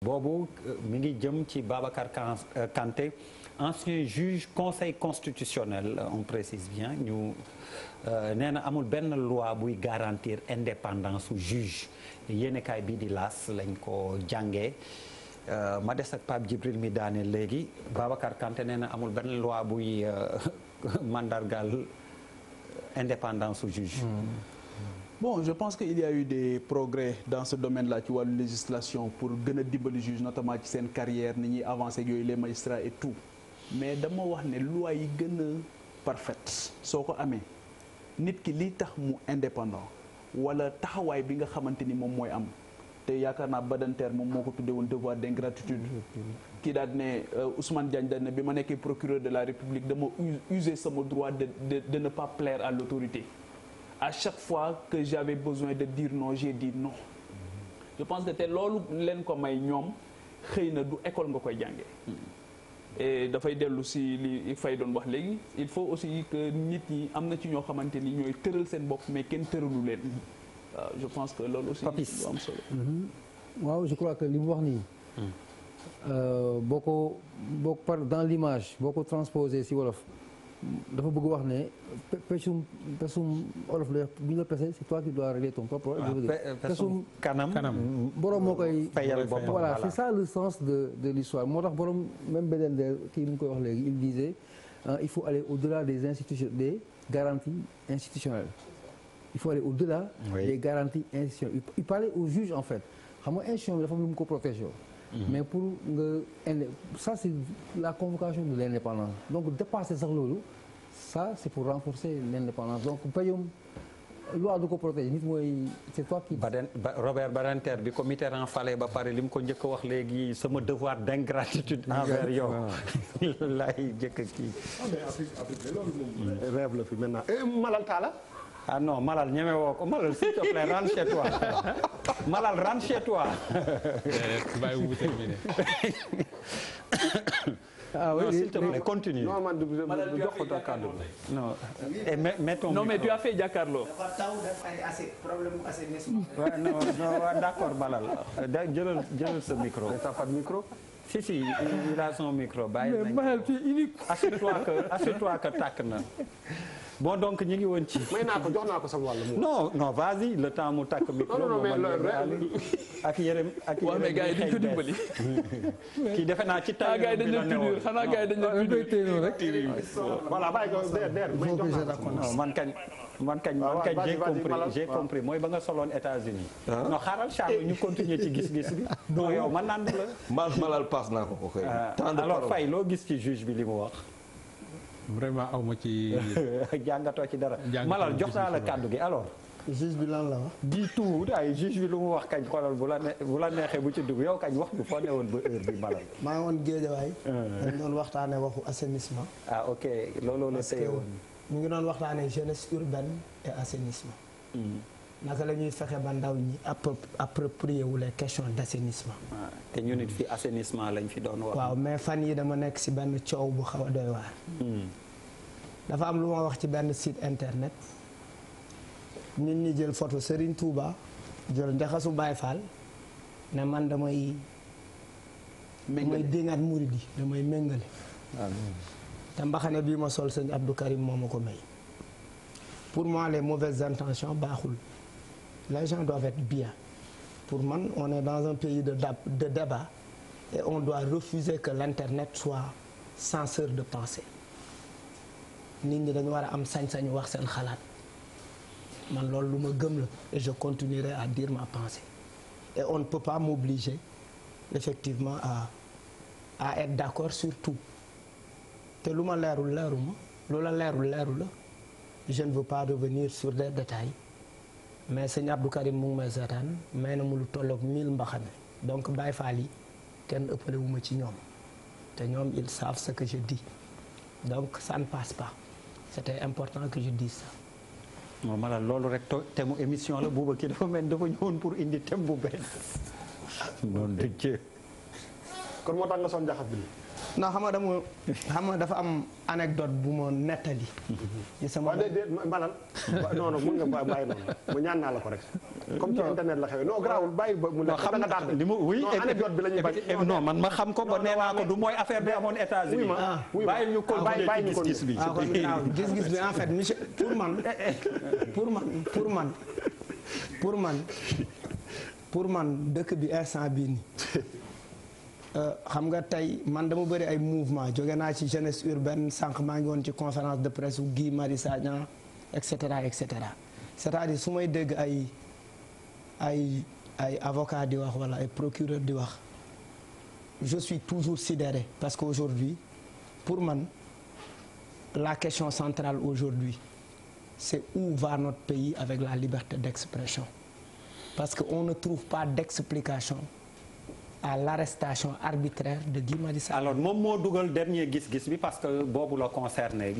boobu euh, mi ngi jëm ci Babacar euh, Kanté ancien juge conseil constitutionnel on précise bien ñu euh, nee na amul benn loi buy garantir indépendance su juge yéenekaay bii di laas lañ ko jàngee ma des ak Pape Djibril mi daane léegi Babacar Kanté nee na amul benn loi buy mandargal indépendance su juge hmm. bon je pense que il y a eu des progrès dans ce domaine la ci wàllu législation pour gën a dimbali juge notamment ci seen carrière ni ñuy avancer yooyu les magistrats et tout mais dama wax ne loi yi gën a parfaite soo ko amee nit ki li tax mu indépendant wala taxawaay bi nga xamante ni moom mooy am te yaakaar naa badanteer moom moo ko tuddee woon devoir d'ingratitude kii daal ne euh, Ousmane Diagne bi ma nekkee procureur de la République dama use sama droit de de de ne pas plaire à chaque fois que j'avais besoin de dire non j'ai dit non je pense que te loolu leen ko may ñoom xëy na du école nga koy jàngee e dafay dellu si li fay doon wax léegi il faut aussi que nit ñi am na ci ñoo xamante ni ñooy tëral seen bopp mais kenn tëralu leen je pense que loolu aussi lu am solo mhm. waaw je crois que li mu wax nii hmm. euh, boo ko boo par dans l'image boo ko transposé si wolof dafa bëgg wax ne pesum pesum olof la bu ñu la pesee c'est toi qui dois régler ton propre problème. pesum kanam kanam borom moo koy. fayal boppam voilà c'est ça le sens de de l'histoire moo tax borom même beneen de kii mu koy wax léegi il il faut aller au-delà des institutions des garanties institutionnelles. il faut aller au-delà. des garanties institutionnelles il parlait au juge en fait xam nga institution bi lu mu ko protéger. Mm-hmm. mais pour nga ind ça c'est la convocation de l'indépendance donc dépasser sax loolu ça c'est pour renforcer l'indépendance donc payum loi du ko protéger nit mooy c'est toi qui. Baden Robert Badinter bi ko Mitterrand fale ba pare li mu ko njëkk a wax léegi sama devoir d'ingratitude envers yow. laay njëkk kii. Ah, ah non Malal ñeme woo Malal s'il te plaît rentre Malal rentre chez toi. bàyyi wu terminé. ah oui continue. non man du jox ko non et Malal da jëlal jëlal si si il a son Malal tu unique. assure-toi que assure-toi bon donc ñu ngi woon ci. may naa ko jox naa ko sama wàll. non non vas-y le temps mu tàkk micro. non non mais loolu ak yërëm ak yërëm mais gars yi dañ ko dimbali. kii defe naa ci taay ah, yërëm bi la newoon xanaa gars yi dañ leen tuddee xanaa gars yi dañ leen tuddee. voilà bàyyi ko der der may jox naa ko man kañ. man kañ ah, man kañ j'ai compris j'ai compris mooy ba nga soloon États-Unis ah. non xaaral Charles ñu continuer ci gis-gis bi. non yow man naan la. mal malal paas naa ko ko koy. Euh, temps de parole alors Faye loo gis ci juge bi li mu wax. vraiment aw ma ci. jàngatoo ci dara. malal jox naa la kàddu gi alors. juge bi lan la wax. di tout ay juge bi lu mu wax kañ xoolal bu la bu la neexee bu ci dugg yow kañ wax bu foo woon ba heure bi malal. maa ngi woon Géejawaay. Ah. dañu doon waxtaanee waxu assainissement. ah ok looloo la seyoon. mu ngi doon waxtaanee jeunesse urbaine et assainissement. Hmm. naka la ñuy fexe ba ndaw ñi approprié wu les question d' assainissement. Ah, te ñu nit fi assainissement lañ fi doon wax. waaw mais fan yi dama nekk si benn coow bu xaw a doy waar. Hmm. dafa am lu ma wax ci benn site internet. nit ñi jël photo Serigne Touba jël njaxasu Baye Fall ne man damay. damay déngaat murid yi damay méngale. te mbaxane bii ma sol sëñ Abdou Karim moo ma ko may. pour moi les mauvaises intentions baaxul les gens doivent être bien pour man on est dans un pays de de débat et on doit refuser que l'internet soit censeur de pensée nit ñi dañu war a am sañ-sañu wax seen xalaat man loolu lu ma gëm la et je continuerai à dire ma pensée et on ne peut pas m'obliger effectivement à à être d'accord sur tout te lu ma leerul leeru ma lu la leerul leeru la je ne veux pas revenir sur des détails mais sëñ Abdou Karim mu ngi may seetaan may na mu lu tolloog 1000 mbaxane donc Baye Fall yi kenn ëppale ci ñoom te ñoom ils savent ce que je dis donc ça ne passe pas c'était important que je dise ça. moom la loolu rek thème émission la buuba kii dafa mel dafa ñëwoon pour indi thème bu bees. noonu la kon moo tax nga son jaxas bi. non xam nga dama xam nga dafa am anecdote bu ma nettali. ci mhm. sama déedéet mbalal non non mun nga bàyyi mu ñaan naa la ko rek. comme ci internet la xewee non garaawul bàyyi ba mu nekk danga tardé. li mu la ñuy bañ non man ma xam ko ba nee naa ko du mooy affaire bi amoon États-Unis. oui ma ah, ah, bàyyi ñu ko bàyyi ñu ko gis-gis bi. gis-gis ah, bi en fait monsieur pour man eh, eh, pour man pour man pour man pour man dëkk bi instant bii nii. Euh, xam nga tey man dama bëri ay mouvement jóge naa ci jeunesse urbaine sànq maa ngi woon ci conférence de presse wu Guy Marius Sagna et cetera et cetera c'est-à-dire su may dégg ay ay ay avocat di wax wala ay procureur di wax je suis toujours sidéré parce que aujourd'hui pour man la question centrale aujourd'hui c'est où va notre pays avec la liberté d'expression parce que on ne trouve pas d'explication à l'arrestation arbitraire de Guy Marius Sagna alors moom moo dugal dernier gis-gis bi parce que boobu la concerné